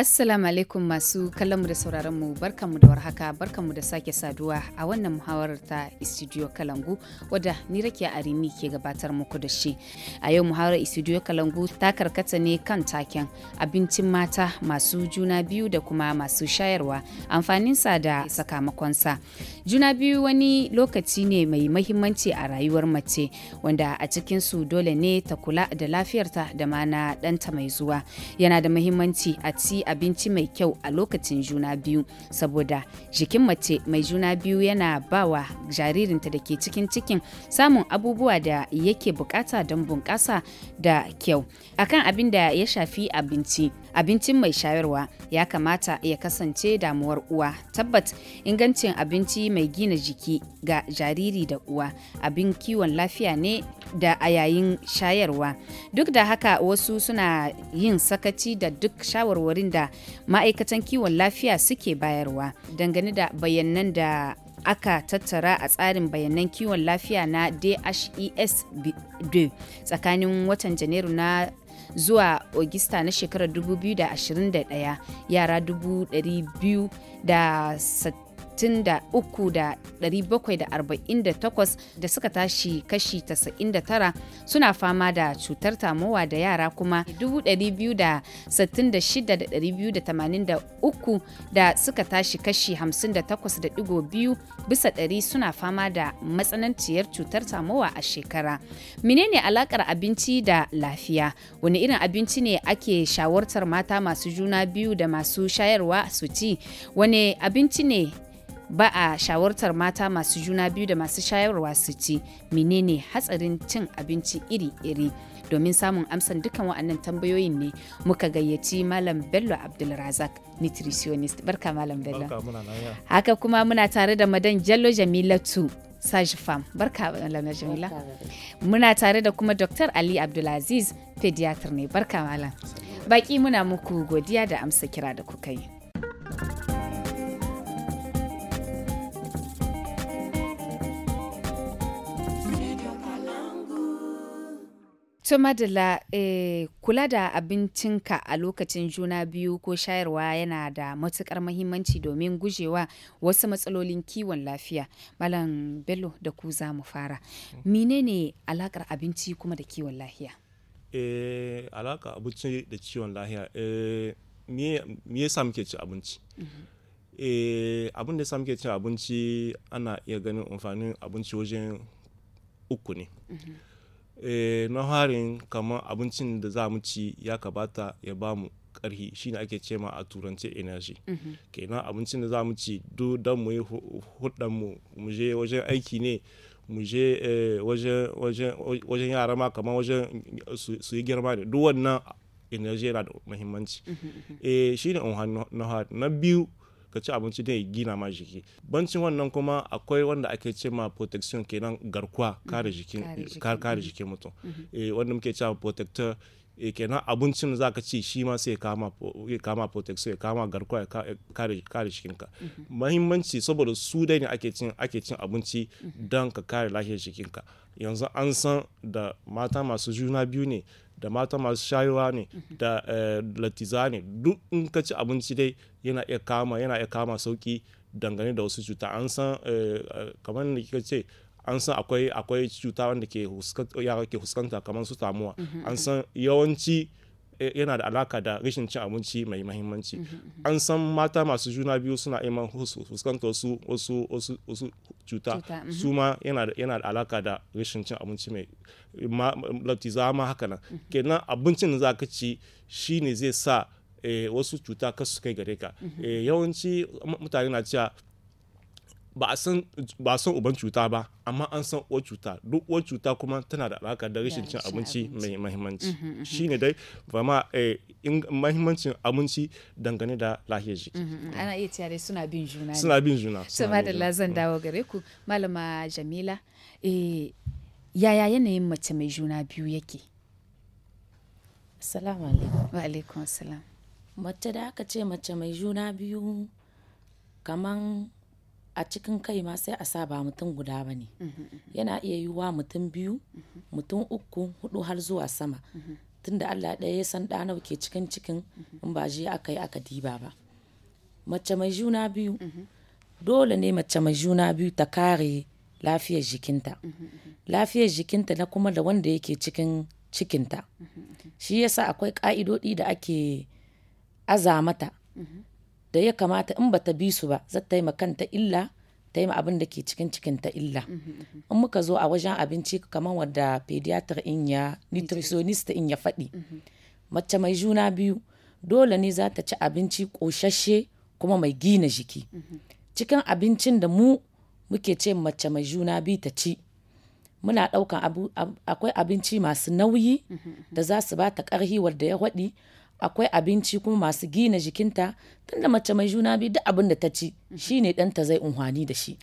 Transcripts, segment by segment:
Assalamu alaikum masu kallonmu da sauraronmu barkanmu da warhaka barkanmu da sake saduwa a wannan muhawarar ta Studio Kalangu wadda ni rake Arimi ke gabatar muku da shi. A yau muhawarar Studio Kalangu ta karkata ne kan taken abincin mata masu juna biyu da kuma masu shayarwa amfaninsa da sakamakonsa. Juna biyu wani lokaci ne mai mahimmanci a rayuwar mace wanda a cikin su dole ne ta kula da lafiyarta da mana na ɗanta mai zuwa. Yana da mahimmanci a ci abinci mai kyau a lokacin juna biyu saboda jikin mace mai juna biyu yana ba wa jaririnta da ke cikin cikin samun abubuwa da yake bukata don bunƙasa da kyau akan abin da ya shafi abinci abincin mai shayarwa ya kamata ya kasance damuwar uwa tabbat ingancin abinci mai gina jiki ga jariri da uwa abin kiwon lafiya ne da a yayin shayarwa duk da haka wasu suna yin sakaci da duk shawarwarin da ma'aikatan kiwon lafiya suke bayarwa dangane da bayanan da aka tattara a tsarin bayanan kiwon lafiya na DHES tsakanin watan Janairu na zuwa Ogista na shekarar 2021 yara da. 63,748 da suka tashi kashi 99 suna fama da cutar tamowa da yara kuma 266,283 da suka tashi kashi 58.2 bisa ɗari suna fama da matsananciyar cutar tamowa a shekara. Menene alakar abinci da lafiya? Wani irin abinci ne ake shawartar mata masu juna biyu da masu shayarwa su ci? Wane abinci ne ba a shawartar mata masu juna biyu da masu shayarwa su ci menene hatsarin cin abinci iri-iri domin samun amsan dukkan wa'annan tambayoyin ne muka gayyaci malam bello abdulrazak nutritionist barka malam bello haka kuma muna tare da madan jallo jamilatu Saji Farm. Barka Malam Jamila. Muna tare da kuma Dr. Ali Abdulaziz, pediatr ne. Barka Malam. Baki muna muku godiya da amsa kira da kuka yi. To Madala, eh, kula da abincinka a lokacin juna biyu ko shayarwa yana da matukar mahimmanci domin gujewa wasu matsalolin kiwon lafiya. Malam Bello da ku za mu fara. Menene alakar abinci kuma da kiwon lafiya? Eh, alakar abinci da kiwon lafiya. Eh, me sa muke ci abinci? Mm-hmm. Eh, abin da sa muke ci abinci ana iya ganin amfanin abinci wajen uku ne. Mm -hmm. Eh, na harin kamar abincin da za mu ci ya kabata ya bamu karhi shine ake cema a turance energy mhm. kenan abincin da za mu ci don mu yi mu mu je wajen aiki ne mu je eh, wajen yara ma kamar wajen su yi girma ne duk wannan energy yana da muhimmanci mhm, mhm. Eh, shine na biyu ka ci abinci dai gina ma jiki bancin wannan kuma akwai wanda ake ce ma protection kenan garkuwa kare mhm. jikin kare mhm. jikin mutum mhm. eh, wanda muke cewa protector eh, kenan abincin za ka ci shi ma sai kama protection ya kama garkuwa ya kare jikinka mahimmanci saboda su dai ne ake cin abinci don ka kare lafiyar jikinka yanzu an san da mata masu juna biyu ne da mata masu shayuwa ne mhm. da eh, latiza ne duk in ka ci abinci dai yana iya kama yana iya kama sauki dangane da wasu cuta an san eh, kamar da kika ce an san akwai cuta wanda ke huskanta kamar su tamuwa mhm, an mhm. san yawanci Eh, yana da alaka da rashin cin abinci mai mahimmanci mhm, mhm. an san mata masu juna biyu suna iman fuskantar wasu wasu cuta mhm. su ma yana da alaka da rashin cin abinci mai za ma haka nan kenan abincin da za ka ci shine zai sa eh, wasu cuta kasu kai gare ka eh, yawanci mutane na cewa ba a san uban cuta ba amma an san uwar cuta duk uwar cuta kuma tana da alaka da rashin cin abinci mai mahimmanci mm-hmm, mm-hmm. shine dai vama eh, mahimmancin abinci dangane da lahiyar jiki mm-hmm, ana iya cewa dai suna bin juna suna bin juna sama da zan mm. dawo gare ku malama jamila eh, yaya yanayin mace mai juna biyu yake salamu alaikum wa alaikum mace da aka ce mace mai juna biyu kaman a cikin kai ma sai a sa ba mutum guda ba ne yana iya yiwuwa mutum biyu mutum uku hudu har zuwa sama tunda allah ɗaya ya san ɗana ke cikin cikin in ba je aka yi aka diba ba mace mai juna biyu dole ne mace mai juna biyu ta kare lafiyar jikinta lafiyar jikinta na kuma da wanda yake cikin cikinta shi yasa akwai ka'idodi da ake aza mata da ya kamata in bata bi su ba za ta yi kanta illa ta yi abin da ke cikin cikin ta illa mm-hmm, mm-hmm. in muka zo a wajen abinci kamar wadda pediatar in ya nutritionist in ya faɗi mm-hmm. mace mai juna biyu dole ne za ta ci abinci ƙoshashe kuma mai gina jiki cikin abincin da mu muke ce mace mai juna biyu ta ci muna ɗaukan akwai abinci masu nauyi da za su ba ta ƙarhi wadda ya waɗi akwai abinci kuma masu gina jikinta tunda mace mai juna biyu duk abin da ta ci mhm. shine ɗanta zai unhwani da shi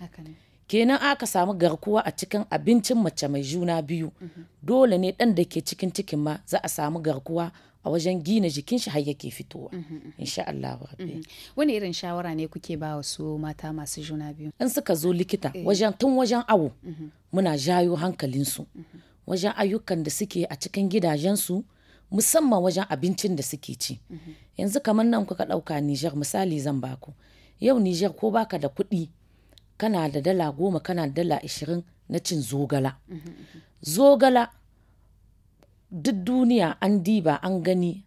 kenan aka samu garkuwa a cikin abincin mace mai juna biyu mhm. dole ne ɗan da ke cikin cikin ma za a samu garkuwa a wajen gina jikin shi har yake fitowa mhm, insha Allah rabbi wani irin shawara ne kuke ba wa su mata masu juna biyu in suka zo likita eh. wajen tun wajen awo muna jayo hankalinsu wajen ayyukan da suke a cikin gidajensu musamman wajen abincin da suke ci yanzu kamar nan kuka ɗauka nijar misali zan baku yau nijar ko baka da kuɗi kana da dala goma kana da dala ashirin na cin zogala zogala duk duniya an diba an gani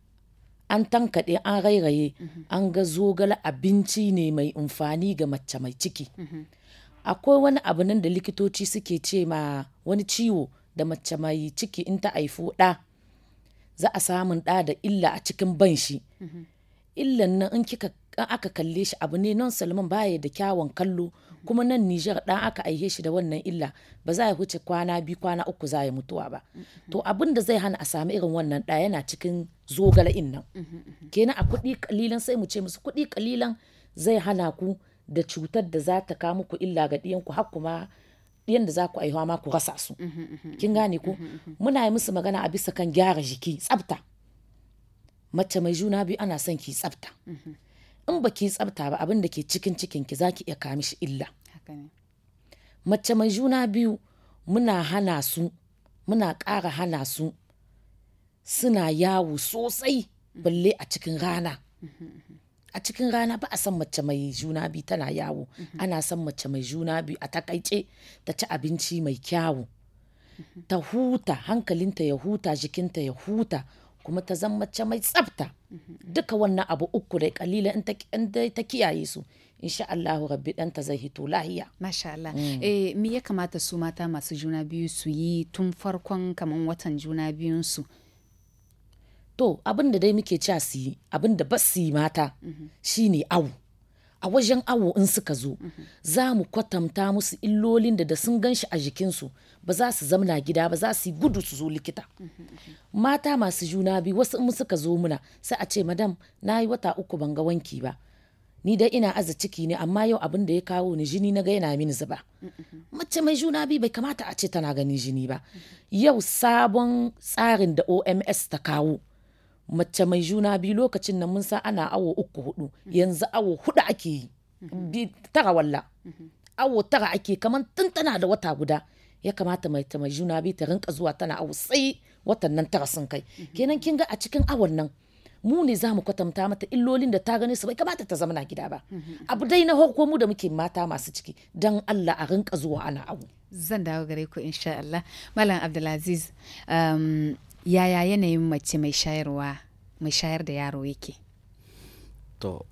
an tankaɗe an rairaye an ga zogala abinci ne mai amfani ga mace mai ciki akwai wani abu nan da likitoci suke ce ma wani ciwo da mace mai ciki in ta haifu ɗa za a samun ɗa da illa a cikin ban shi illan nan in kika aka kalle shi abu ne nan salman baya da kyawun kallo kuma nan Nijar dan aka aihe shi da wannan illa ba za ya huce kwana bi kwana uku za ya mutuwa ba to abin da zai hana a sami irin wannan ɗa yana cikin zogala in nan kenan a kuɗi kalilan sai mu ce musu kuɗi kalilan zai hana ku da cutar da za ta kawo muku illa ga ɗiyanku har kuma ɗiyan da za ku aihuwa ma ku rasa su mhm, mhm, kin gane ko mhm, muna yi musu magana a bisa kan gyara jiki tsabta mace mai juna biyu ana son ki tsafta in ba ki tsafta ba abin da ke cikin cikin ki zaki iya kami shi illa mace mai juna biyu muna hana su muna ƙara hana su suna yawo sosai balle a cikin rana a cikin rana ba a san mace mai juna biyu tana yawo mhm. ana san mace mai juna biyu a takaice ta ci abinci mai kyawu mhm. ta huta hankalinta ya huta jikinta ya huta kuma ta zama mace mai tsafta mhm, duka wannan abu uku da kalila in ta kiyaye su insha Allahu rabbi ɗanta zai hito lahiya. Masha Allah. Mm. Eh, me ya kamata su mata masu juna biyu su yi tun farkon kaman watan juna biyun su to abin da dai muke cewa su yi abin da ba su yi mata shine awu a wajen awo in suka zo za mu kwatanta musu illolin da da sun ganshi a jikinsu ba za su zamna gida ba za su yi gudu su zo likita mata masu juna biyu wasu in suka zo muna sai a ce madam na yi wata uku ban ga wanki ba ni dai ina aza ciki ne amma yau abin da ya kawo ni jini na ga yana mini zuba mace mai juna biyu bai kamata a ce tana ganin jini ba yau sabon tsarin da oms ta kawo mace mai juna biyu lokacin nan mun san ana awo uku hudu yanzu awo hudu ake yi bi tara walla awo tara ake kaman tun da wata guda ya kamata mai ta mai juna biyu ta rinka zuwa tana awo sai watan nan tara sun kai kenan kin ga a cikin awon nan mu ne za mu kwatanta mata illolin da ta gani su bai kamata ta zama na gida ba abu dai na harko mu da muke mata masu ciki dan Allah a rinka zuwa ana awo zan dawo gare ku insha Allah malam Abdulaziz um, yaya yanayin mace mai shayarwa mai shayar da yaro yake to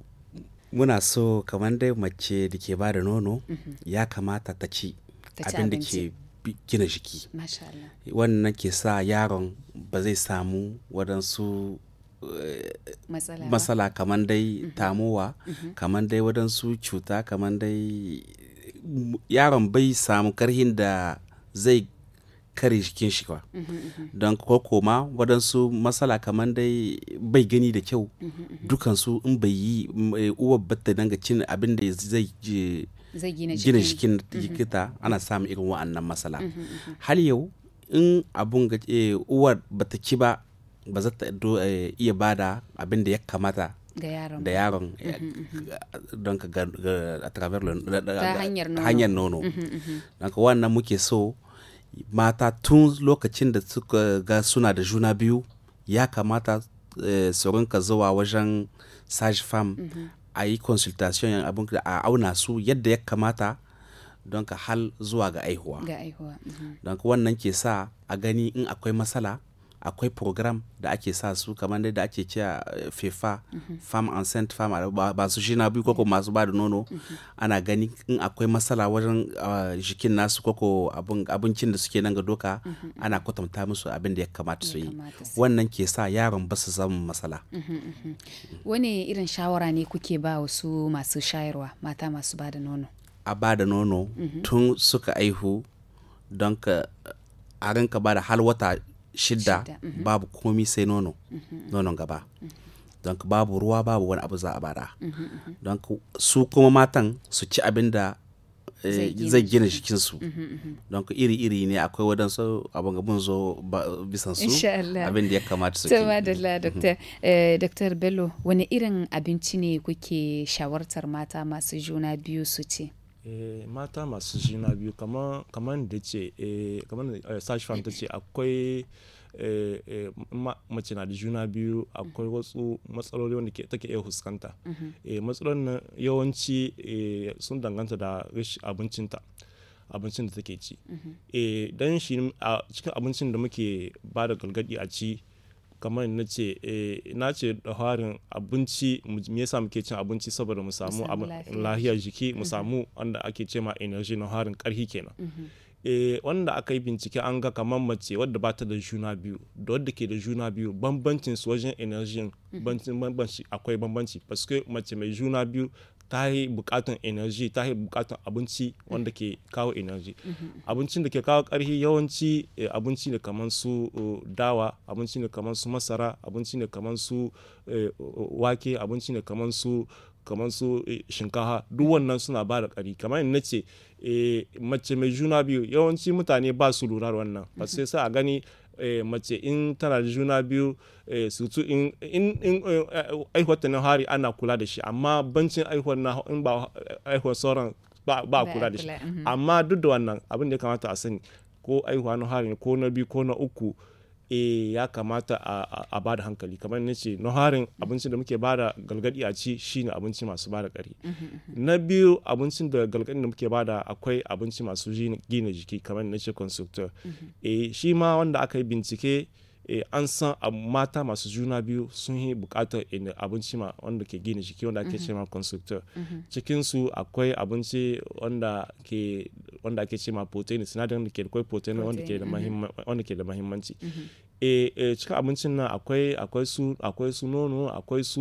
muna so kamar dai mace da ke ba da nono mm -hmm. ya kamata ta ci abin da ke gina jiki wannan ke sa yaron ba zai samu waɗansu eh, matsala kamar dai tamowa mhm. mhm. kamar dai waɗansu cuta kamar dai yaron bai samu karhin da zai kare jikin shi ba mhm, mhm. don ko koma waɗansu matsala kamar dai bai gani da kyau mhm, dukansu in bai yi uwar batta danga cin abin da zai gina jikin jikita ana samun irin wa'annan matsala hal yau in abun ga eh, uwar bata ci ba ba za ta eh, iya bada abin da ya kamata da yaron eh, don ka a ta hanyar nono don ka wannan muke so mata tun lokacin da suka ga suna da juna biyu ya kamata saurin eh, su rinka zuwa wajen sage farm mhm. a yi consultation a auna su yadda ya kamata don ka hal zuwa ga aihuwa mhm. don ka wannan ke sa a gani in akwai matsala akwai program da ake sa su kamar da ake cewa eh, fefa mhm. farm and cent farm ba su shi na biyu koko eh. masu ba da nono mhm. ana gani in akwai matsala wajen ah, jikin nasu koko abincin da suke nan ga doka mhm, ana kwatanta musu abin da ya kamata su yi wannan ke sa yaron ba su samun matsala wani irin shawara ne kuke ba wasu masu shayarwa mata masu ba da nono a ba da nono tun suka aihu don ka a ba da har wata shidda mhm. babu komi sai nono mhm. nonon gaba mhm. don babu ruwa babu wani abu za a bada don su kuma matan su ci abin da eh, zai gina jikinsu don iri-iri ne akwai waɗansu abin gabin zo bisan su abin da ya kamata su ke eh, bello wani irin abinci ne kuke shawartar mata masu juna biyu su ce Eh, mata masu juna biyu kamar da ce eh, eh, ce akwai mace na da juna biyu akwai wasu matsaloli wanda take iya fuskanta mm-hmm. matsalolin yawanci sun danganta da abincinta abincin da take ci mm-hmm. dan shi cikin abincin da muke ba da galgadi a ci kamar na ce eh, na ce da harin abinci me yasa muke cin abinci saboda mu samu lahiyar jiki mu mm-hmm. samu wanda ake ce ma energy na harin karhi kenan e wanda aka yi bincike an ga kamar mace wadda ba ta da juna biyu da wadda ke da juna biyu bambancin su wajen energy mm-hmm. bambanci akwai bambanci paske mace mai juna biyu ta yi bukatan energy ta yi bukatan abinci wanda ke kawo energy abincin da ke kawo karhi yawanci eh, abinci ne kamar su eh, dawa abinci ne kamar su masara abinci ne kamar su eh, wake abinci ne kamar su kamar su shinkafa duk wannan suna ba da ƙari kamar na ce mace mai juna biyu yawanci mutane ba su lura wannan ba sai sa a gani Eh, mace in tana da juna biyu eh, sutu in eh, aihuwar ta na hari ana kula da shi amma bancin aihuwar na in ba aihuwar sauran ba kula da shi mhm. amma duk da wannan abin da ya kamata a sani ko aihuwa na hari ko na biyu ko na uku e ya kamata a ba da hankali kamar na ce na harin abincin da muke ba da galgadi a ci shine abinci masu ba da kari na biyu abincin da galgadi da muke bada akwai abinci masu gina jiki kamar na ce constructor e shi ma wanda aka yi bincike E, an san mata masu juna biyu sun yi bukatar abinci ma wanda ke gina jiki wanda ake ce ma mm-hmm. constructor mm-hmm. cikin su akwai abinci wanda ke wanda ake ce ma protein sinadarin da ke da protein mm-hmm. wanda ke da mahimmanci e, e cikin abincin nan akwai akwai su akwai su nono akwai su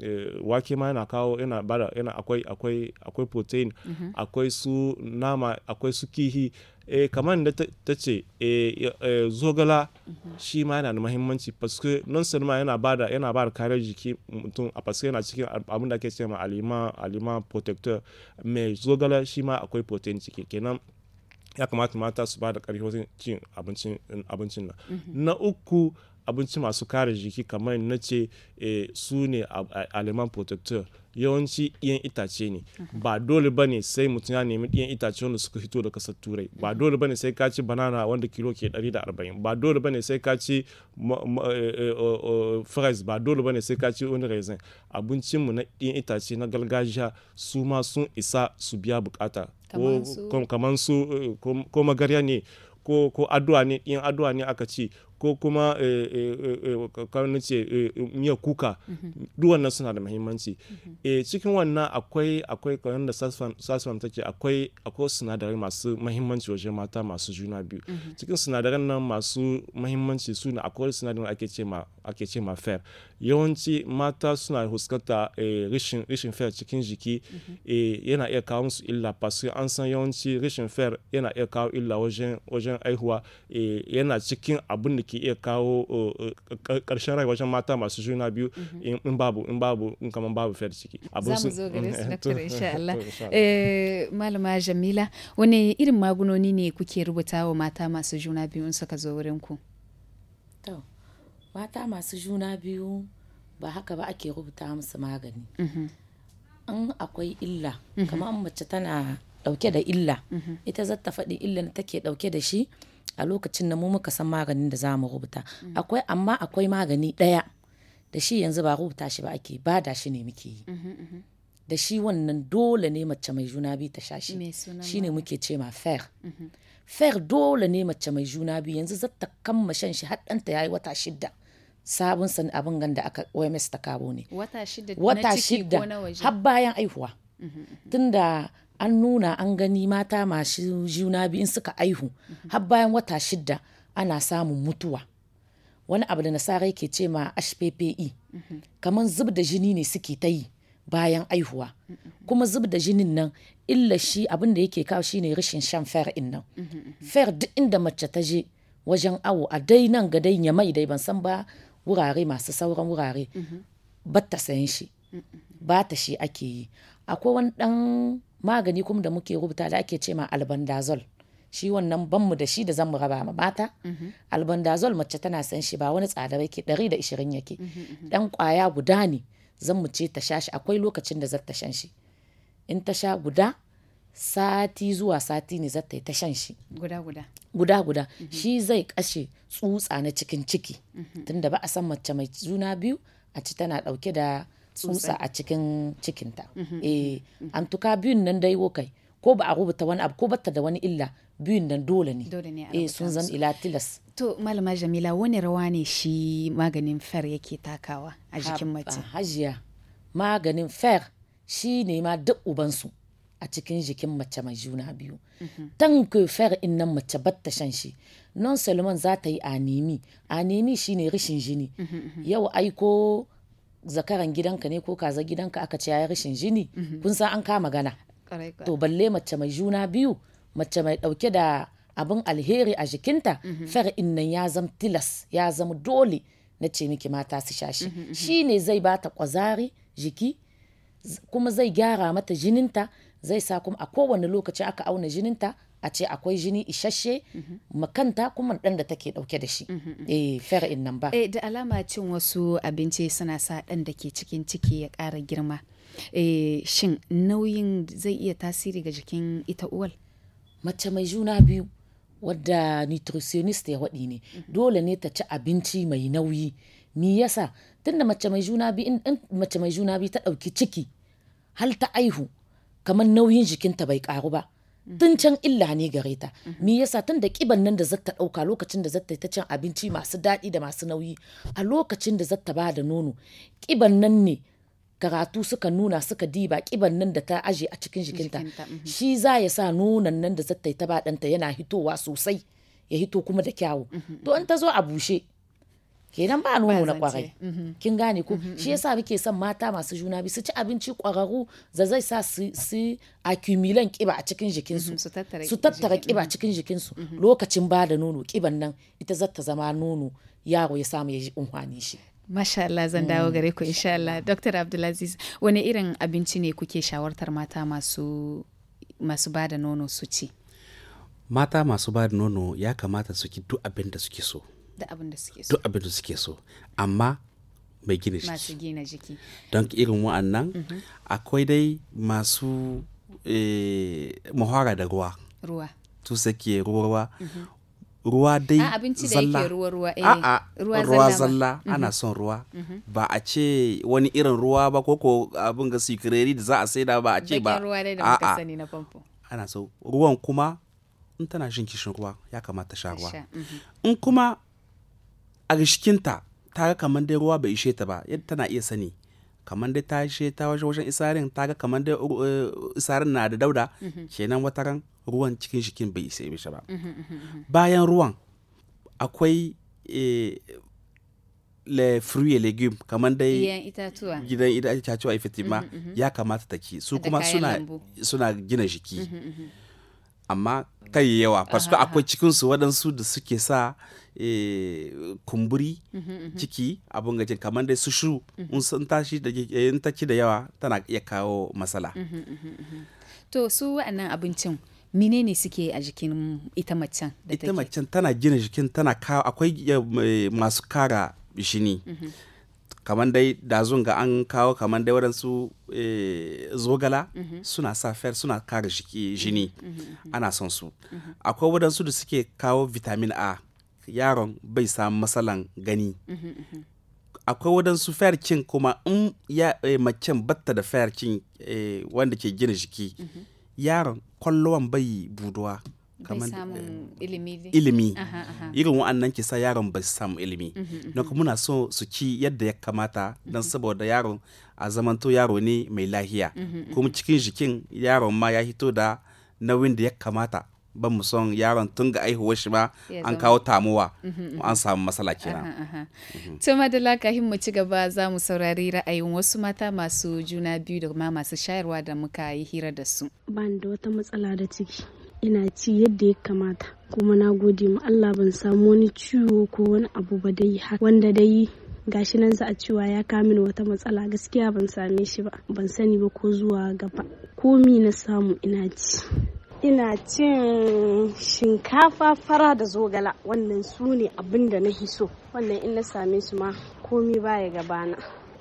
e, e, wake ma yana kawo yana bada yana akwai akwai akwai protein akwai su nama akwai su kihi eh kamar da ta ce eh, eh, zogala mhm. shi ma yana da mahimmanci paske non ma yana ba da bada jiki mutum a paske yana cikin abin da ake ce ma alima alima protector mai zogala shi ma akwai protein ciki kenan ya kamata mata su ba da karfi wajen cin abincin nan mhm. na uku abinci masu kare jiki kamar na ce eh, su ne aleman protector yawanci ɗiyan itace ne ba dole ba ne sai mutum ya nemi ɗiyan itace wanda suka hito da kasar turai ba dole ba ne sai ka ci banana wanda kilo ke 140 ba dole bane sai ka ci eh, eh, fries ba dole ba ne sai ka ci wani raisin abincinmu na ɗiyan itace na gargajiya su ma sun isa su biya bukata kamar su ko magarya ne ko addu'a ne in addu'a ne aka ce ko kuma eh, eh, eh, kawai ce miya kuka mm-hmm. duwannan suna da muhimmanci mm-hmm. cikin wannan akwai akwai kamar da sasfam take akwai akwai sinadarai masu mahimmanci waje mata masu juna biyu mm-hmm. cikin sinadaran nan masu mahimmanci su ne akwai sinadarai ake ce ma ake ce ma fer yawanci mata suna huskata rishin rishin fer cikin jiki yana iya kawo musu illa fasu an san yawanci rishin fer yana iya kawo illa wajen wajen aihuwa yana cikin abin da ke iya kawo eh, eh, ƙarshen rai wajen mata masu juna biyu mm-hmm. in babu in babu in kama babu fiyar ciki. Za mu zo su insha Allah. Eh, Malama Jamila wani irin magunoni ne kuke rubuta wa mata masu juna biyu in suka zo wurin ku? To mata masu juna biyu ba haka ba ake rubuta musu magani. Mm-hmm. In akwai illa mm-hmm. kamar mace tana dauke da illa ita zata faɗi illa take dauke da shi. a lokacin na mu muka san maganin da za mu rubuta akwai amma akwai magani ɗaya da shi yanzu ba rubuta shi ba ake ba da shi ne muke yi uhuh, uhuh. da shi wannan dole ne mace mai juna biyu ta sha shi shi ne muke ce ma fair uhuh. fair dole ne mace mai juna biyu yanzu zata kamma shan shi haɗanta ya yi wata shidda sabon san abin gan da aka OMS ta kawo ne wata shidda har bayan aihuwa tunda an nuna an gani mata masu juna biyu suka aihu har bayan wata shida ana samun mutuwa wani abu da nasara ke ce ma hppi e, kamar zub da jini ne suke ta yi bayan aihuwa kuma zub da jinin nan illa shi abin da yake kawo shine rashin shan fer in nan fer duk inda mace ta je wajen awo a dai nan ga dai ya mai dai ban san ba wurare masu sauran wurare ba ta sayan shi ba ta shi ake yi akwai wani dan magani kuma da muke rubuta da ake ce ma albandazol shi wannan banmu da shi da zan mu raba ma mata mhm. albandazol mace tana san shi ba wani tsada yake 120 yake dan mhm, mhm. kwaya guda ne zan mu ce ta sha shi akwai lokacin da zata shan shi in ta sha guda sati zuwa sati ne zata yi ta shan shi guda guda guda guda shi zai kashe tsutsa na cikin ciki tunda ba a san mace mai juna biyu a ci tana dauke da tsutsa a cikin cikinta mhm, mhm, eh mhm. an tuka biyun nan dai kai ko ba a rubuta wani abu ko bata da wani illa biyun nan dole ne eh sun zan ila tilas to malama jamila wani rawa ne shi maganin fer yake takawa a jikin mace hajiya maganin fer shi ne ma duk ubansu a cikin jikin mace mai juna biyu tan ke fer in nan mace batta shan shi non salman za ta yi anemi anemi shine rashin jini yau aiko zakaran gidanka ne ko kaza gidanka aka ce ya rashin jini mhm. kun san an kama gana to balle mace mai juna biyu mace mai dauke da abin alheri a jikinta mhm. far'in innan ya zam tilas ya zama dole na ce miki mata su shashi mhm, shi ne zai bata kwazari jiki kuma zai gyara mata jininta zai sa kuma a kowane lokaci aka auna jininta a ce akwai jini isasshe makanta kuma dan da take ɗauke da shi eh fair in nan ba eh da alama cin wasu abinci suna sa dan da ke cikin ciki ya ƙara girma eh shin nauyin zai iya tasiri ga jikin ita uwal mace mai juna biyu wadda nutritionist ya waɗi ne dole ne ta ci abinci mai nauyi me yasa tunda mace mai juna biyu mace mai juna biyu ta ɗauki ciki hal ta aihu kamar nauyin jikinta bai ƙaru ba tun can illa ne gare ta me yasa tun da kiban nan da zata dauka lokacin da zata ta cin abinci masu daɗi da masu nauyi a lokacin da zata ba da nono kiban nan ne karatu suka nuna suka diba kiban nan da ta aje a cikin jikinta mhm. shi za ya sa nonon nan da zata ta ba ɗanta yana hitowa sosai ya hito kuma da kyawu mhm, to in ta zo a bushe kenan ba nono na kwarai mhm. kin gane ko mhm, shi mhm. yasa muke son mata masu juna biyu su ci abinci kwararru da zai sa su accumulan kiba a cikin jikinsu su tattara kiba a cikin jikinsu lokacin ba da nono kiban nan ita zata zama nono yaro ya samu ya ji unhwani shi Masha Allah zan dawo mm. gare ku insha Allah. Dr. Abdulaziz, wani irin abinci ne kuke shawartar mata masu masu ba da nono su ci? Mata masu ba da nono ya kamata su ki duk abin da suke so. duk abin da suke so da suke so amma mai gina jiki masu gina jiki don irin wa'annan mm-hmm. akwai dai masu eh, muhara da ruwa ruwa tu sake ruwa ruwa mm-hmm. dai zalla ruwa ruwa eh a ruwa, ruwa zalla ana mm-hmm. son ruwa ba a ce wani irin ruwa ba ko ko abin ga sikirari da za a saida ba a ce ba ruwa dai da muka sani na ana so ruwan kuma in tana shin kishin ruwa ya kamata sha ruwa in kuma a jikinta ta ga kamar dai ruwa bai ishe ta ba yadda tana iya sani kamar dai ta ishe ta wajen wajen isarin ta ga kamar dai isarin na da dauda kenan wata ran ruwan cikin shikin bai isa mishi ba bayan ruwan akwai le fruit et legume kamar dai gidan itatuwa ya kamata ta ki su kuma suna gina jiki amma kai yawa ah, paske ah, akwai ah. cikinsu waɗansu da suke sa eh, kumburi mhm, mhm, mhm. ciki abin gajin kamar dai su shu in sun tashi da eh, in ta da yawa tana iya kawo matsala to su wa'annan abincin menene suke a jikin ita macen ita macen tana gina jikin tana kawo akwai eh, masu kara shini kamar dai dazun ga an kawo kamar dai waɗansu eh, zogala mhm. suna sa fer suna kare jini mhm, mhm, ana son su akwai waɗansu da suke kawo vitamin a yaron bai samu matsalan gani akwai waɗansu ferkin kuma in ya eh, macen batta da ferkin eh, wanda ke gina jiki yaron kwallowan bai buduwa Eh, ilimi ilimi irin wa'annan kisa yaron ba samu ilimi mhm, mhm. don muna so su ci yadda ya kamata don mhm. saboda yaron a zamanto yaro ne mai lahiya kuma cikin jikin yaron ma ya hito da nauyin da ya kamata ban mu son yaron tun ga aihuwar shi ba an kawo tamuwa an samu matsala kenan. To madalla kahin mu ci gaba za mu saurari ra'ayin wasu mata masu juna biyu da ma masu shayarwa da muka yi hira da su. Ban da wata matsala da ciki ina ci yadda ya kamata kuma na gode ma Allah ban samu wani ciwo ko wani abu ba dai wanda dai gashi nan za a cewa ya kamin wata matsala gaskiya ban same shi ba ban sani ba ko zuwa gaba komi na samu ina ci ina cin shinkafa fara da zogala wannan su ne abin da na so wannan in na same su ma komi baya gabana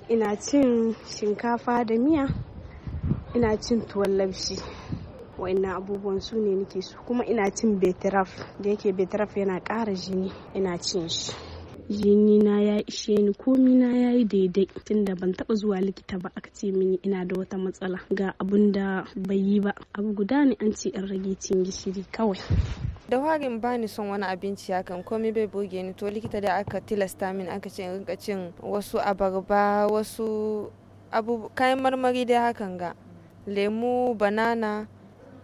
ina cin shinkafa da miya ina cin tuwon labshi wa'annan abubuwan su ne nake su kuma ina cin betraf da yake betraf yana ƙara jini ina cin shi jini na ya ishe ni komi na ya yi daidai tunda ban taba zuwa likita ba aka ce mini ina da wata matsala ga abun da bai yi ba abu guda ne an ce in rage cin gishiri kawai da warin bani son wani abinci hakan komai bai burge ni to likita da aka tilasta min aka ce in rinka cin wasu abarba wasu abu kayan marmari da hakan ga lemu banana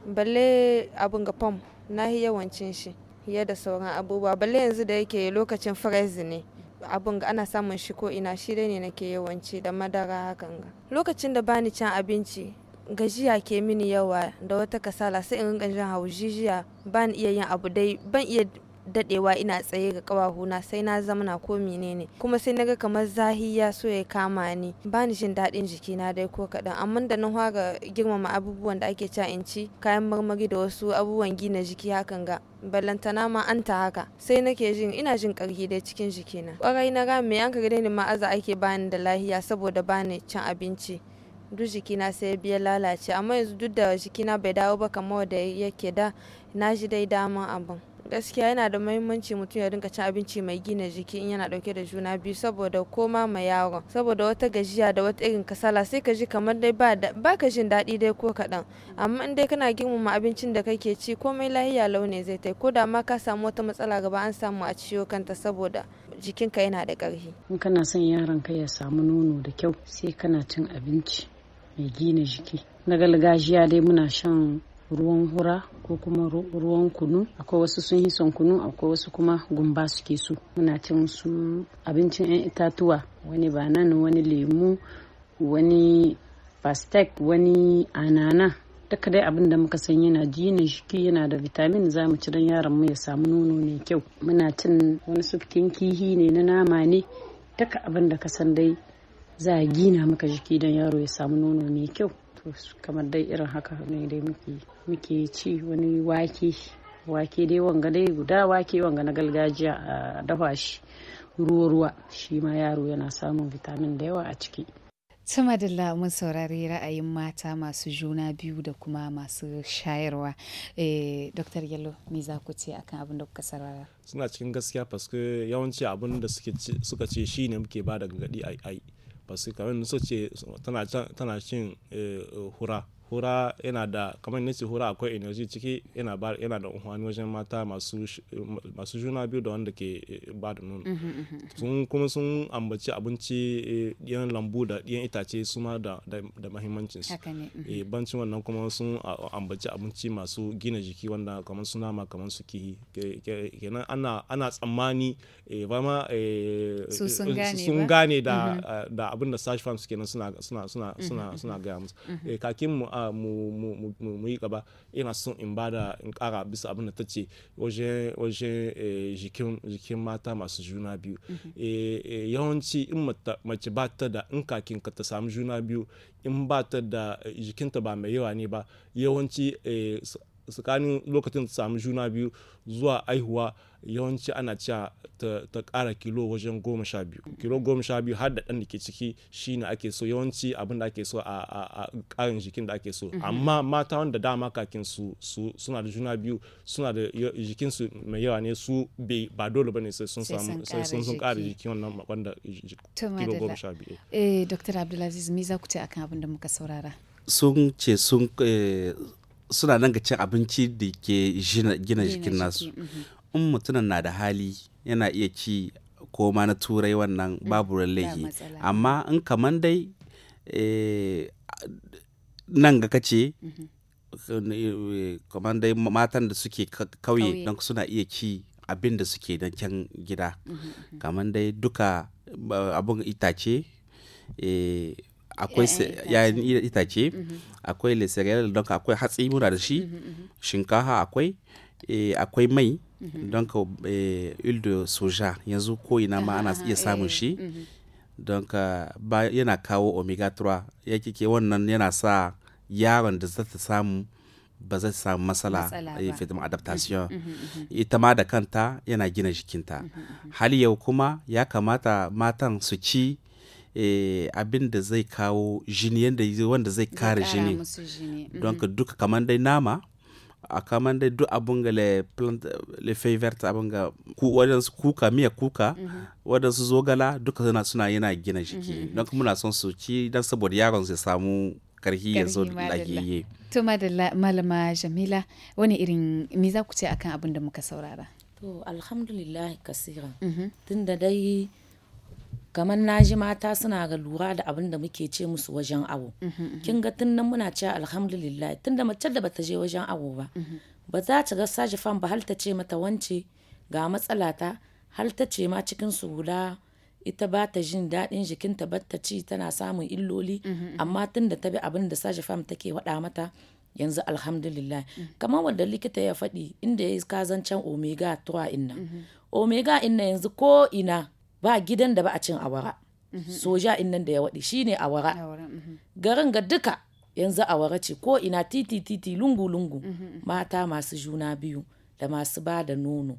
balle abin ga fam na yi yawancin shi fiye da sauran abubuwa balle yanzu da yake lokacin fries ne abin ana samun shi ko ina shi dai ne nake yawanci da madara hakan ga lokacin da bani can abinci gajiya ke mini yawa da wata kasala sai in rinka jin haujijiya ban iya yin abu dai ban iya dadewa ina tsaye ga kawahuna sai na zama zamana ko menene kuma sai naga kamar zahi ya so ya kama ni ba ni jin daɗin jikina dai ko kaɗan amma da na fara girmama abubuwan da ake ca in ci kayan marmari da wasu abubuwan gina jiki hakan ga ballantana ma an ta haka sai nake jin ina jin karhi dai cikin jikina kwarai na ga me an ka ma aza ake bani da lahiya saboda bani cin abinci duk jikina sai biya lalace amma yanzu duk da jikina bai dawo ba kamar da yake da na ji dai daman abin gaskiya yana da mahimmanci mutum ya dinka cin abinci mai gina jiki in yana dauke da juna biyu saboda koma ma yaron saboda wata gajiya da wata irin kasala sai ka ji kamar dai ba ka jin daɗi dai ko kaɗan amma in dai kana girmama abincin da kake ci komai lahiya launi zai tai ko da ma ka samu wata matsala gaba an samu a ciwo kanta saboda jikinka yana da ƙarfi in kana son yaron ka ya samu nono da kyau sai kana cin abinci mai gina jiki na gargajiya dai muna shan ruwan hura ko kuma ruwan kunu akwai wasu sun yi son kunu akwai wasu kuma gumba suke so. muna cin su abincin 'yan itatuwa wani banan wani lemu wani pastek wani anana duka dai abin da muka san yana jinin shiki yana da vitamin za mu ci don yaron mu ya samu nono mai kyau muna cin wani sufkin kihi ne na nama ne duka abin da ka san dai za a gina maka jiki don yaro ya samu nono mai kyau to kamar dai irin haka ne dai muke ci wani wake wake dai wanga dai guda wake wanga na gargajiya a dafa shi ruwa-ruwa shi ma yaro yana samun vitamin da yawa a ciki sama da mun saurari ra'ayin mata masu juna biyu da kuma masu shayarwa eh, dr yalo me za ku ce akan abin da kuka sarara suna cikin gaskiya faske yawanci abin da suka ce shine muke ba da gadi parce que kawai nisa ce tana cin eh, hura hura yana da kamar nace hura akwai energy ciki yana ba yana da unhwani wajen mata masu masu juna biyu da wanda ke eh, ba da nono uhm, uhm, uhm, sun kuma sun ambaci abinci eh, yan lambu da yan itace su ma da da mahimmancin su eh, bancin wannan kuma sun ambaci abinci masu gina jiki wanda kamar su nama kamar su kihi kenan ana ana tsammani ba ma sun gane da abin da sash farm suke nan suna suna suna suna gaya musu kakin mu mu yi gaba ina son in bada in kara bisa abin da ta ce wajen eh, jikin mata masu juna biyu mhm. eh, eh, yawanci in mace ba ta da in kakin ka ta samu juna biyu in ba ta da jikinta ba mai yawa ne ba yawanci tsakanin lokacin samu juna biyu zuwa aihuwa yawanci ana cewa ta ƙara kilo wajen goma sha biyu kilo goma sha biyu har da ɗan da ke ciki shi ne ake so yawanci abin da ake so a ƙarin jikin da ake so mhm. amma mata wanda dama kakin su suna da juna biyu suna da jikin su mai yawa ne su ba dole ba ne sai sun samu sai sun sun ƙara jiki wannan wanda kilo goma sha biyu. eh dr abdulaziz me za ku ce akan abin da muka saurara. sun ce sun eh, suna nan ga cin abinci da ke gina jikin nasu mhm. in mutumin na da hali yana iya ci ko ma na turai wannan mm, babu laihi amma in kaman dai eh, nan ga kace mhm. kaman dai matan da suke kauye don suna iya ci abin da suke don can gida mhm, kaman dai duka abin itace eh, akwai yayan itace mm-hmm. akwai lesirel don akwai hatsi muna da shi mm-hmm, mm-hmm, shinkaha akwai eh, akwai mai don ka ildo soja yanzu ko ina ma ana iya ah, samun eh, shi don ka ah, yana kawo omega 3 ya kike wannan yana sa yaron da zata samu ba zai samu matsala fitim adaptation ita ma da kanta yana gina jikinta hali yau kuma ya kamata matan su ci eh, abin da zai kawo jini yadda wanda zai kare jini mm-hmm. don ka duka kamar dai nama a kamar dai duk abin ga le, le favorite abin ga ku, wadansu kuka miya kuka mm-hmm. Wajen zogala duka suna suna yana gina mm-hmm. jiki don muna son su ci don saboda yaron zai samu karhi ya zo lagiyayye to malama jamila wani irin me za ku ce akan abin da muka saurara to alhamdulillah kasira da dai kamar na ji mata suna ga lura da abin da muke ce musu wajen awo kin ga tun nan muna cewa alhamdulillah tun da mace da bata je wajen awo ba ba za ta ga sashi fam ba ta ce mata wance ga matsala ta ta ce ma cikin su guda ita ba ta jin daɗin jikinta ba ta ci tana samun illoli amma tun da ta bi abin da sashi fam take waɗa mata yanzu alhamdulillah kamar wanda likita ya faɗi inda ya yi kazancen omega 3 inna omega inna yanzu ko ina ba gidan da ba a cin awara mhm. soja in nan da ya waɗi shine awara mhm. garin ga duka yanzu awara ce ko ina titi titi lungu lungu mhm, mata masu juna biyu da masu ba da nono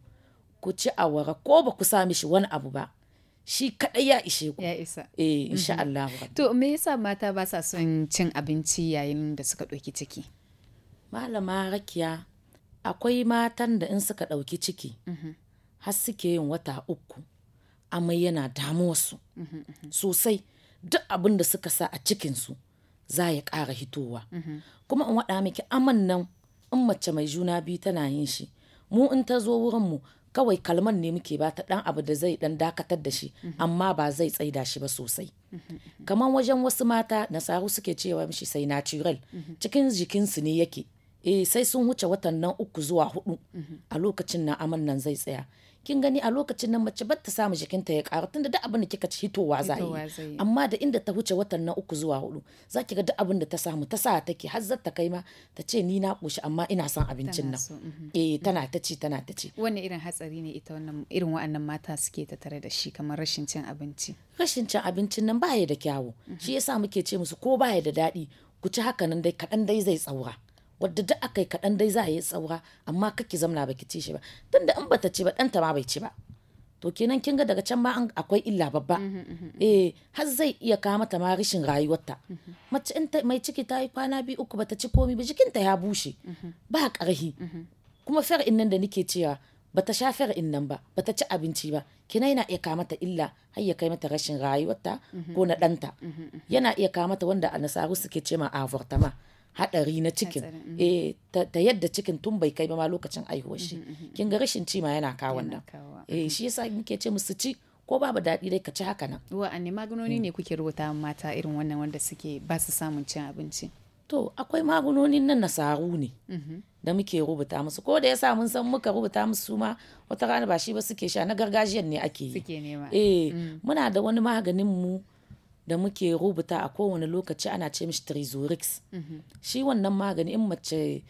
ku ci awara ko ba ku sami shi wani abu ba shi kadai ya ishe ku. Ya isa. Eh, insha Allah. To me yasa mata ba sa son cin abinci yayin da suka ɗauki ciki? Malama Rakiya, akwai matan da in suka ɗauki ciki, har suke yin wata uku. amai yana damuwarsu mhm, mhm. sosai duk abin da suka sa a cikinsu za ya kara hitowa mhm. kuma in waɗa miki aman nan in mace mai juna biyu tana yin shi mu in ta zo wurinmu kawai kalman ne muke ba ta ɗan abu da zai ɗan dakatar da shi amma ba zai tsaida shi ba sosai kamar wajen wasu mata nasaru suke cewa mishi sai natural cikin jikinsu ne yake eh sai sun wuce watan nan uku zuwa hudu a lokacin nan aman nan zai tsaya kin gani a lokacin nan mace bata samu jikinta ya kara tunda duk abin da kika ci hitowa za yi amma da inda ta wuce watan nan uku zuwa hudu za ki ga duk abin da ta samu ta sa take har ta kai ma ta ce ni na ƙoshi amma ina son abincin nan mhm. eh tana ta ci tana ta ci wani irin hatsari ne ita wannan irin wa'annan mata suke ta tare da shi kamar rashin cin abinci rashin cin abincin nan baya da kyawu mhm. shi yasa muke ce musu ko baya da daɗi ku ci haka nan dai kaɗan dai zai tsaura wadda duk aka yi kaɗan dai za a yi tsaura amma kake zamna baki ci shi ba tunda in bata ci ba ɗanta ma bai ci ba to kenan kin ga daga can ma akwai illa babba mm-hmm, mm-hmm, mm-hmm. eh har zai iya kawo mata ma rashin rayuwarta mace in mai ciki ta yi kwana biyu uku bata ci komi ba jikinta ya bushe ba karhi kuma fer in nan da nake cewa bata sha fer in nan ba bata ci abinci ba kina yana iya kawo mata illa har ya kai mata rashin rayuwarta ko na ɗanta yana iya kawo mata wanda a nasaru suke ce ma avortama haɗari na cikin mhm. eh, ta yadda cikin tun bai kai ba ma lokacin aihuwar shi mhm, mhm, kin ga rashin ci ma yana kawo nan eh shi yasa muke ce musu ci ko babu daɗi dai ka ci haka nan wa'anne magunoni mm. ne kuke rubuta mata irin wannan wanda suke ba su samun cin abinci to akwai magunonin nan nasaru ne da muke rubuta musu ko da yasa mun san muka rubuta musu ma wata rana ba shi ba suke sha na gargajiyan ne ake yi eh mm. muna da wani maganin mu da muke rubuta a kowane lokaci ana ce mishi trizorix mhm. shi wannan magani in mace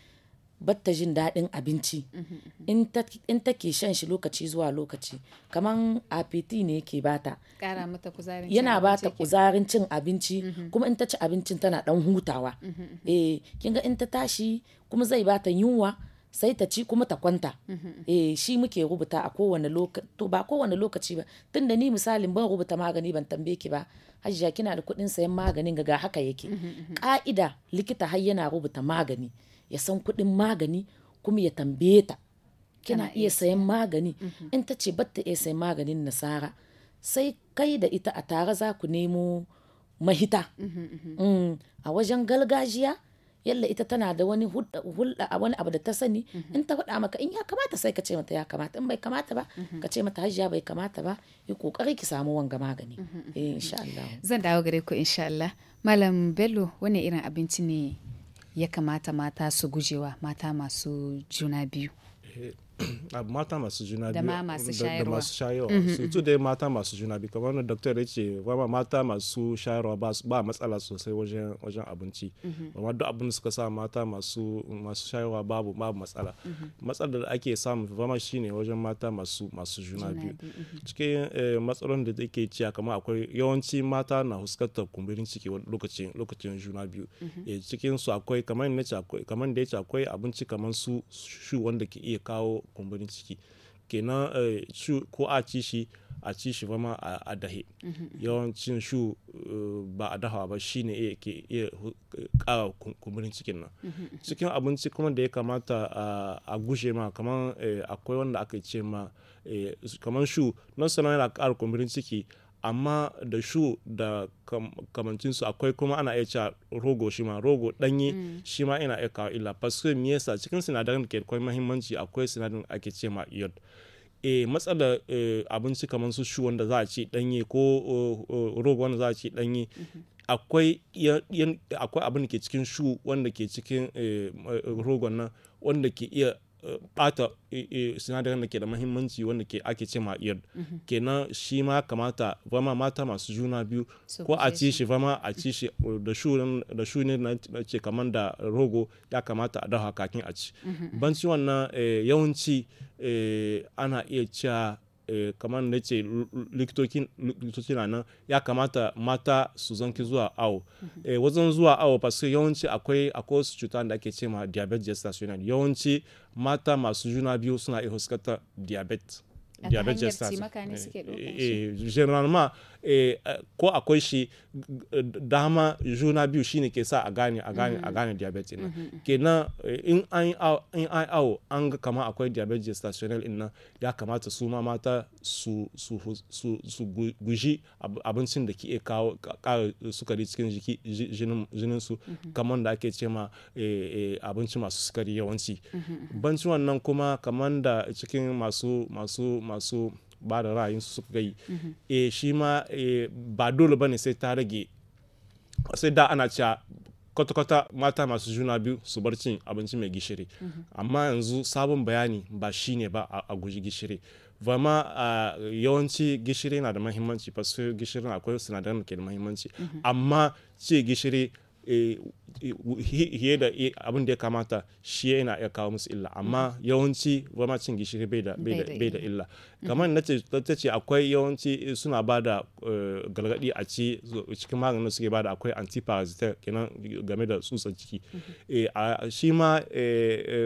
batta jin daɗin abinci mhm, mhm, in take shan shi lokaci zuwa lokaci kamar apiti ne yake bata yana bata kuzarin cin abinci kuma in ta ci abincin tana ɗan hutawa eh kinga in ta tashi kuma zai bata yunwa sai ta ci kuma ta kwanta mm-hmm. eh shi muke rubuta a kowane lokaci to ba kowane lokaci ba tunda ni misalin ban rubuta magani ban tambaye ki ba hajjia kina da kuɗin sayan maganin ga haka yake ka'ida mm-hmm, mm-hmm. likita har yana rubuta magani ya san kuɗin magani kuma ya tambaye ta kina iya sayan magani in ta ce batta iya sayan maganin nasara sai kai da ita a tare za ku nemo mahita mm, a wajen galgajiya yalla ita tana da wani hulɗa a wani abu da ta sani mhm. in ta faɗa maka in ya kamata sai ka ce mata ya kamata in bai kamata ba mhm. ka ce mata hajiya bai kamata ba yi kokari ki samu wanga magani mhm, eh insha Allah zan dawo gare ku insha Allah malam Bello wani irin abinci ne ya kamata mata su gujewa mata masu juna biyu eh, Ah, mata masu juna biyu da masu shayarwa mm-hmm, mm-hmm. su dai mata masu juna biyu kamar doktor ya ce wama mata masu shayarwa ba matsala sosai wajen abinci mm-hmm. amma duk abin suka sa mata masu shayarwa babu babu matsala matsalar da ake samu fama shine wajen mata masu masu juna biyu cikin eh, matsalolin da take ciya kamar akwai yawanci mata na fuskantar kumburin ciki lokacin lokacin juna biyu eh, cikin su akwai kamar da ya ce akwai abinci kamar su shu wanda ke iya kawo kumburin ciki kenan eh, shu ko a ci shi a ci shi ma a dahe mm-hmm. yawancin shu eh, ba a dahawa ba shine ke iya kara kumburin cikin nan mm-hmm. cikin abinci kuma da ya kamata a gushe ma kamar eh, akwai wanda aka ce ma kamar shu nan sanar yana kara kumburin ciki amma da shu da kamancinsu akwai kuma ana iya cewa rogo shi ma rogo ɗanye mm. shi ma yana iya kawo illa paske me yasa cikin sinadarin da ke akwai mahimmanci akwai sinadarin ake ce ma yod e eh, matsalar eh, abinci kamar su shu wanda za a ci ɗanye ko eh, rogo wanda za a ci ɗanye mm-hmm. akwai abin da ke cikin shu wanda ke cikin rogon nan wanda ke iya bata eh, eh, sinadarin da ke da mahimmanci wanda ke ake ce ma iyar mhm. kenan shi ma kamata vama mata masu juna biyu ko a ci shi vama a ci shi da shuni na ce kamar da rogo ya kamata a dafa kakin a ci mhm. banci wannan eh, yawanci ana iya cewa Eh, kamar da ce likitoci nan ya kamata mata su zanki zuwa awo mhm. eh, wajen zuwa awo paske yawanci akwai akwai wasu cuta da ake ce ma diabetes gestational yawanci mata masu juna biyu suna iya huskata diabetes gestational Eh, eh, ko akwai shi eh, dama juna biyu shine ke sa a gane a gane a mm-hmm. gane diabetes na mm-hmm, mm-hmm. kenan in an in an awo an ga kama akwai diabetes gestational in nan ya kamata su ma mata su su su su guji abincin da ke kawo ƙara sukari cikin jiki jinin su kamar da ake ce ma abinci masu sukari yawanci bancin wannan kuma kamar da cikin masu masu masu ba da ra'ayinsu suka gai mhm. e eh, shi ma eh, ba dole bane sai ta rage sai da ana cewa kwata-kwata mata masu juna biyu su bar cin abinci mai gishiri mhm. amma yanzu sabon bayani ba shi ne ba a guji gishiri vama yawanci gishiri na da mahimmanci fasu gishirin akwai sinadaran da ke da mahimmanci mhm. amma ce gishiri Eh, eh, hiye da eh, abin da ya kamata shi yana ya kawo musu illa amma yawanci rama cin gishiri bai da illa kamar na ta ce akwai yawanci suna ba da gargaɗi a ci cikin maganin suke ba da akwai antiparasitic kenan game da tsutsar ciki shi ma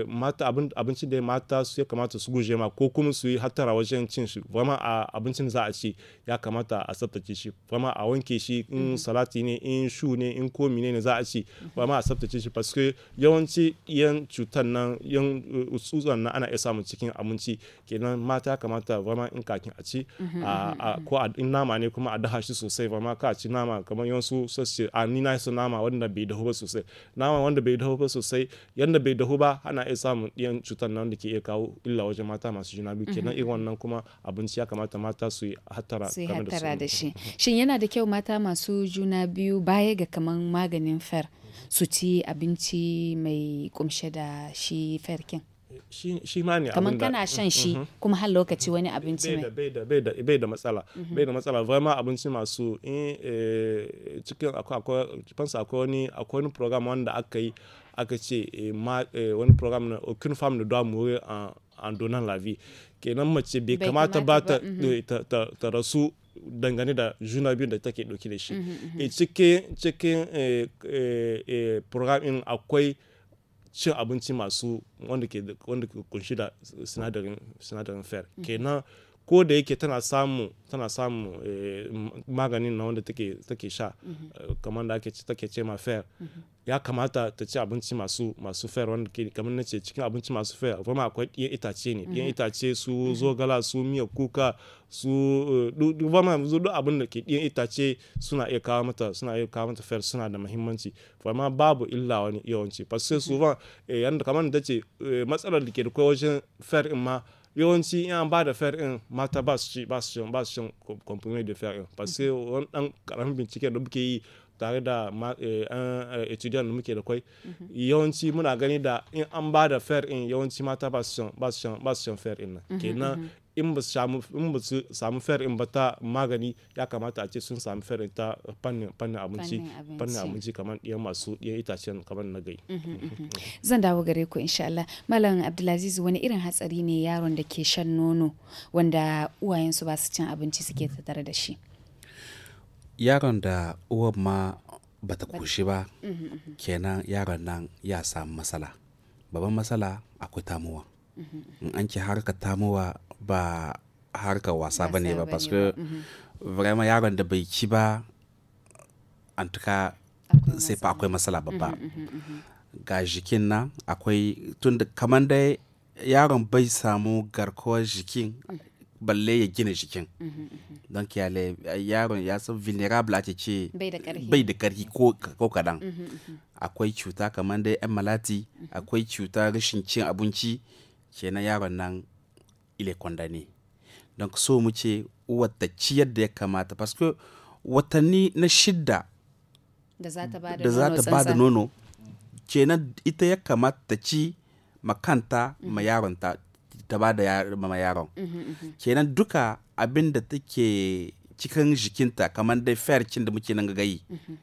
mata abincin da mata su ya kamata su guje ma ko kuma su yi hattara wajen cin shi a abincin za a ci ya kamata a tsaftace shi a wanke shi in mhm. salati ne in shu ne in komi ne za a ci ba ma a tsaftace shi paske yawanci yan cutar nan yan uh, tsutsan nan ana iya samun cikin abinci kenan mata kamata ba ma in kakin a ci mhm, mhm, mhm. ko in nama ne kuma a daha shi sosai ba ma ka ci nama kamar su sosai a ni na su nama wanda bai dahu ba sosai nama wanda bai dahu ba sosai yanda bai dahu ba ana iya samun yan cutar nan da ke iya kawo illa wajen mata masu juna biyu kenan irin wannan kuma abinci ya kamata mata su yi hattara da shi shin yana da kyau mata masu juna biyu baya ga kaman maganin fer su ci abinci mai kumshe da shi ferkin shi ma ne kamar kana shan shi mhm. kuma har lokaci wani abinci mai bai da matsala mhm. bai da matsala vraiment abinci masu in eh, eh, cikin akwai fansa akwai wani program wanda aka yi aka ce eh, wani program na okun farm da doit mourir a donan la vie kenan mace bai kamata ba mhm. ta rasu dangane da juna biyu da take dauke da shi mhm, mhm. Eh, cikin cikin eh, eh, program in akwai cin abinci masu wanda ke kunshi da sinadarin fer mm. kenan ko da yake tana samu tana samu eh, maganin na wanda take sha mhm. eh, kamar da ake take ce ma fair mhm. ya kamata ta ci abinci masu masu fair wanda ke kamar ce cikin abinci masu fair kuma akwai ɗiyan itace ne ɗiyan mhm. itace su zogala su miya kuka su eh, dubama yanzu duk abin da ke ɗiyan itace suna iya kawo mata suna iya kawo mata fair suna da muhimmanci ma babu illa wani yawanci fa sai su ba yanda kamar da ce matsalar da ke da wajen fair in ma yawanci in an ba da fer in mata ba su ci ba su shan ba su shan komprime da fer parce que wani dan karamin bincike da muke yi tare da an etudiant da muke da kai yawanci muna gani da in an ba da fer in yawanci mata ba su shan ba su ba su shan fer in kenan in ba su samu fer in ba ta magani ya kamata a ce sun samu fer ta fannin abinci fannin abinci kamar ɗiyan masu ɗiyan itacen kamar na gai zan dawo gare ku insha Allah malam Abdulaziz wani irin hatsari ne yaron da ke shan nono wanda uwayensu ba su cin abinci suke tattare da shi yaron da uwan ma ba ta kushi ba kenan yaron nan ya samu matsala babban matsala akwai tamuwa in an ki harkar tamuwa ba harkar wasa ba ne ba paske mhm. vraiment yaron da bai ci ba an tuka sai fa akwai matsala babba mhm, mhm, ga jikin nan akwai tun da kamar da yaron bai samu garkuwar jikin balle ya gina jikin don kiyale yaron ya san vulnerable ake ce bai da karfi ko kadan akwai cuta kamar da yan malati akwai cuta rashin cin abinci kenan yaron nan ile kwandane don so mu ce ta ciyar da ya kamata paske watanni na shidda da za ta ba da nono kenan ita ya kamata ta ci makanta ma yaron ta ta ba da ma yaron mhm, mhm. kenan duka abin da take cikin jikinta kamar dai fercin da muke nan gayi mhm.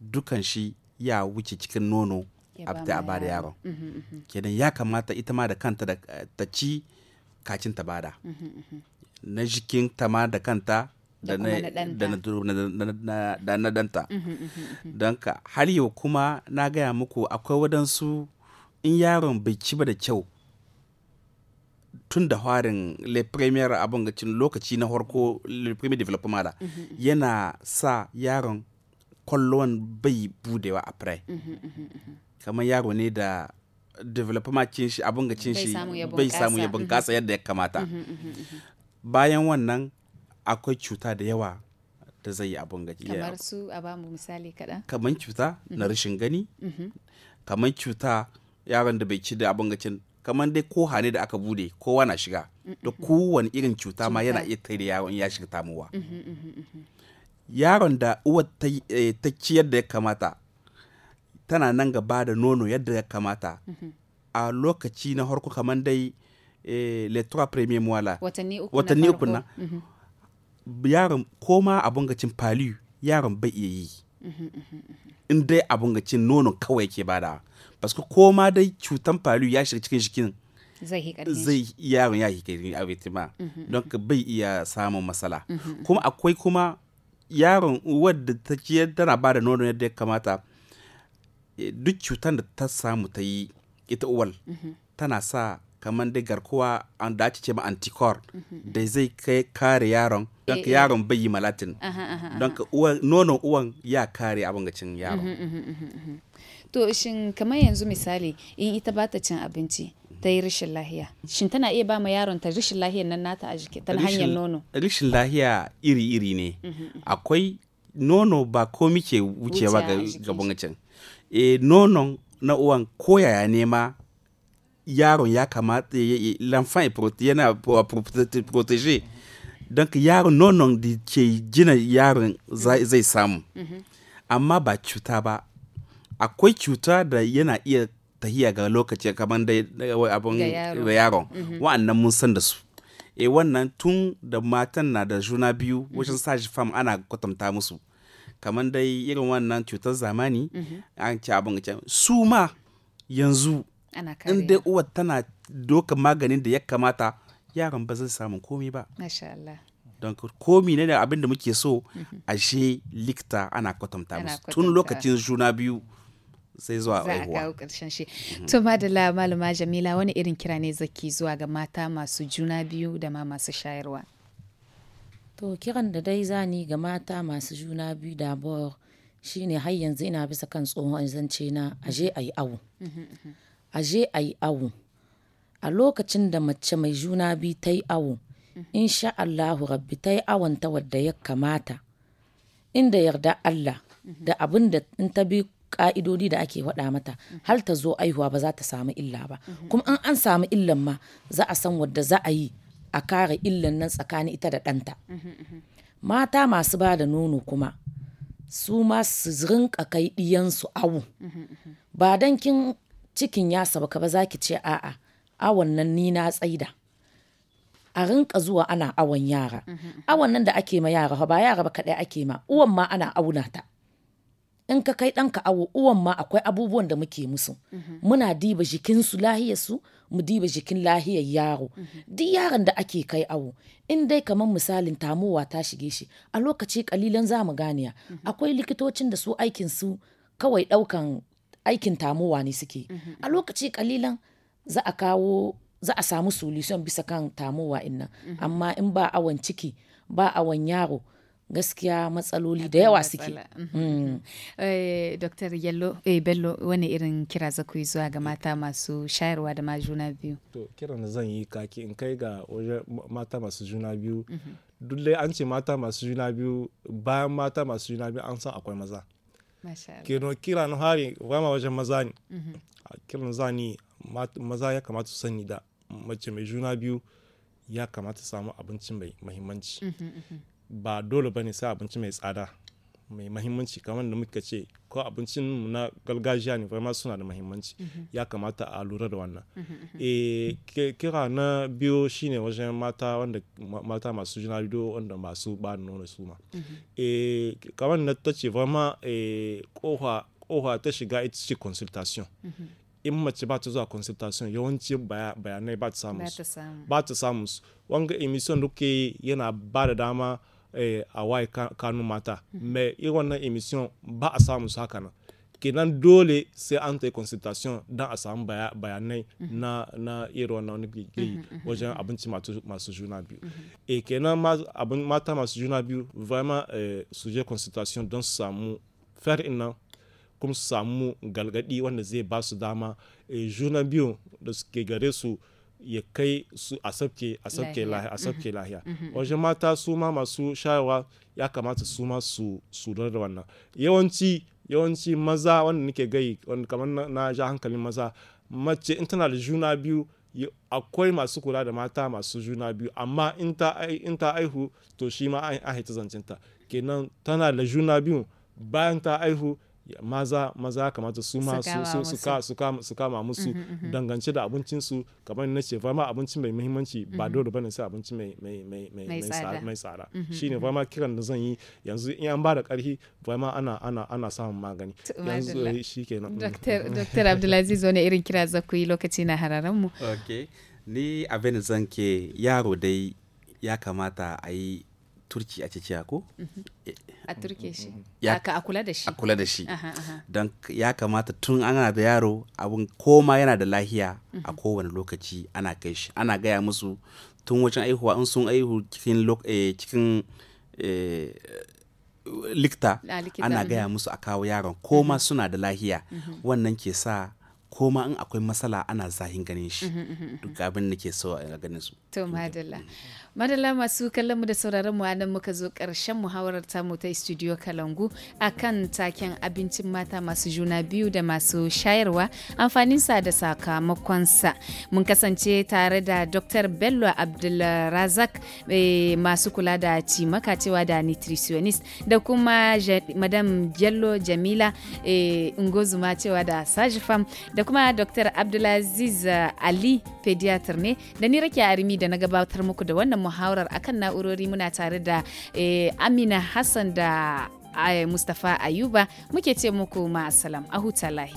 dukan shi ya wuce cikin nono a ba da yaron kenan ya kamata ita ma da kanta ta ci kacin ta bada mhm, mhm. na jikin ta ma da kanta da na danta mhm, don ka har yau kuma na gaya muku akwai wadansu in yaron bai ci ba da kyau tun da harin le premier abin gacin lokaci na harko le premier development da yana sa yaron kwallon bai budewa a pre kamar yaro ne da development cin shi abin ga cin shi bai samu ya bunkasa yadda ya kamata mm-hmm, mm-hmm, mm-hmm. bayan wannan akwai cuta da yawa da zai yi abin ga kamar su a ba mu misali kaɗan kamar cuta na rashin gani kamar cuta yaron da bai ci da abin gacin kamar dai ko hane da aka bude kowa na shiga da kowane irin cuta ma yana iya tare yaron ya shiga tamuwa yaron da uwa eh, ta ciyar da ya kamata tana nan gaba da nono yadda ya kamata mhm. a lokaci na harko kamar dai eh, letura premier muwala watanni uku na mhm. yaron koma abun gacin paliyu yaron bai iya yi mhm, in dai abun gacin nono kawai ke bada paske koma dai cutan paliu ya shiga cikin shikin zai yaron ya yi vitima don bai iya samun matsala kuma akwai kuma yaron wadda ta ciyar tana ba da nono yadda ya kamata Eh, duk cutar da ta samu ta yi ita uwal mhm. tana sa kamar dai garkuwa an da ce ma anticor mhm. da zai kai kare yaron don eh, ka eh. yaron bai yi malatin don ka nono uwan ya kare abin gacin yaron mhm, to shin kamar yanzu misali in ita ba ta cin abinci ta yi rashin lahiya shin tana iya ba ma yaron ta rashin lahiya nan nata a jiki ta hanyar nono rashin lahiya iri iri ne akwai nono ba komi ke wucewa ga gabon e nonon na uwan ko yaya nema yaron ya kamata l'enfant ya proté yana don ka yaron nonon da ke gina yaron zai samu mm-hmm. amma ba cuta ba akwai cuta da yana iya tahiya ga lokaci kamar da abin da yaron mm-hmm. wa'annan mun san da su e wannan tun da matan na da juna biyu wajen sa shi fam ana kwatanta musu kamar dai irin wannan cutar zamani mhm. an ci abin su ma yanzu in dai tana doka maganin da ya kamata yaran ba zai samu komi ba don komi ne da abin da muke so mhm. ashe likta ana kwatanta musu tun lokacin juna biyu sai zuwa a kawo ƙarshen shi mhm. to madalla malama jamila wani irin kira ne zaki zuwa ga mata masu juna biyu da ma masu shayarwa To kiran da dai zani ga mata masu juna biyu shi shine har yanzu ina bisa kan tsohon zance na aje a yi awu. Aje a yi awu. A lokacin da mace mai juna biyu ta yi in sha Allahu rabbi ta yi awon wadda ya kamata, inda yarda Allah da abin da in ta bi ka'idodi da ake waɗa mata har ta zo aihuwa ba za ta samu illa ba. Kuma in an samu illan ma za a san wadda za a yi a kare illan nan tsakanin ita da ɗanta mhm, mhm. mata masu ba da nono kuma su ma su rinka kai ɗiyansu awu mhm, ba dan kin cikin ya sabaka ba za ki ce a'a awon nan ni na tsaida a rinka zuwa ana awon yara awon nan da ake ma yara ba yara ba kaɗai ake ma uwan ma ana auna ta in ka kai ɗanka awo uwan ma akwai abubuwan da muke musu mhm. muna diba jikinsu lahiyarsu mu diba jikin lahiyar yaro mhm. duk yaron da ake kai awo in dai kamar misalin tamowa ta shige shi a lokaci kalilan za mu ganiya mhm. akwai likitocin da su aikin su kawai ɗaukan aikin tamowa ne suke a lokaci kalilan za a kawo za a samu solution bisa kan tamowa innan amma in ba awon ciki ba awon yaro gaskiya matsaloli da yawa suke. Mhm. Mm. Eh, Dr. Eh, Bello wani irin kira za ku yi zuwa ga mata masu shayarwa da ma juna biyu? To kiran da zan yi kaki in kai ga mata masu juna biyu. Mhm. Duk an ce mata masu juna biyu bayan mata masu juna biyu an san akwai maza. Kino kira na hari wama wajen maza ne. Mhm. Kiran zani maza ya kamata su sani da mace mai juna biyu ya kamata samu abincin mai mahimmanci. ba dole ba ne sai abinci mai tsada mai mahimmanci kamar da muka ce ko abincin na gargajiya ne ma suna da mahimmanci mhm. ya kamata a lura da wannan e kira na biyu shine wajen mata wanda mata masu juna biyu wanda masu ba nono su ma e eh, kamar na ta ce ma eh, kofa ta shiga ita ce consultation in mace ba ta zuwa consultation yawanci bayanai ba ta samu ba ta samu wanga emission da yana ba da dama Eh, a waye kanun mata mhm. mai irin na emission ba a samu su haka nan kenan dole sai an tai consultation dan a samu bayanai mhm. na na irin wannan gigi mhm, wajen abinci masu juna biyu e kenan mata masu juna biyu vraiment eh, sujet consultation don samu fer nan kuma su samu galgadi wanda zai ba su dama juna biyu da suke gare su ya kai su a sabke a sabke lahiya a sabke mhm. lahiya mhm. wajen mata su ma masu shayarwa ya kamata su ma su su da wannan yawanci yawanci maza wanda nake gai wanda kamar na ja hankalin maza mace in tana da juna biyu akwai masu kula da mata masu juna biyu amma in ta aihu to shi ma an ta zancinta kenan tana da juna biyu bayan ta aihu maza maza kamata su ma su kama musu mm-hmm, mm-hmm. dangance da abincinsu kamar na ce fama abinci mai muhimmanci ba mm-hmm. dole bane sai abinci mai tsada shine fama kiran da zan yi yanzu in an ba da ƙarfi fama ana ana ana samun magani yanzu eh, shikenan mm. Dr. Abdulaziz wani irin kira za ku yi lokaci na hararen mu ni abin zan ke yaro dai ya kamata a yi turki a cikiya ko mhm. eh, a turke shi mhm. a kula da shi a kula da shi don ya kamata tun ana da yaro abin koma yana da lahiya a mhm. kowane lokaci ana kai shi ana gaya musu tun wajen aihuwa in sun aihu cikin eh, eh, likta ana gaya musu a kawo yaron koma suna da lahiya wannan ke sa koma in akwai matsala ana zahin ganin shi duk abin da ke so a ganin su to madalla madalla masu kallon mu da sauraron mu nan muka zo ƙarshen muhawarar tamu ta studio kalangu a kan taken abincin mata masu juna biyu da masu shayarwa amfaninsa da sakamakonsa mun kasance tare da dr bello abdulrazak eh, masu kula da cimaka cewa da nutritionist da kuma madam jello jamila eh, ngozuma cewa da sajifam da kuma dr abdulaziz ali pediatr ne da ni rake arimi da na gabatar muku da wannan muhawarar akan na'urori muna tare da eh, Amina Hassan da eh, Mustapha Ayuba muke ce muku ma'asalam a huta lahi.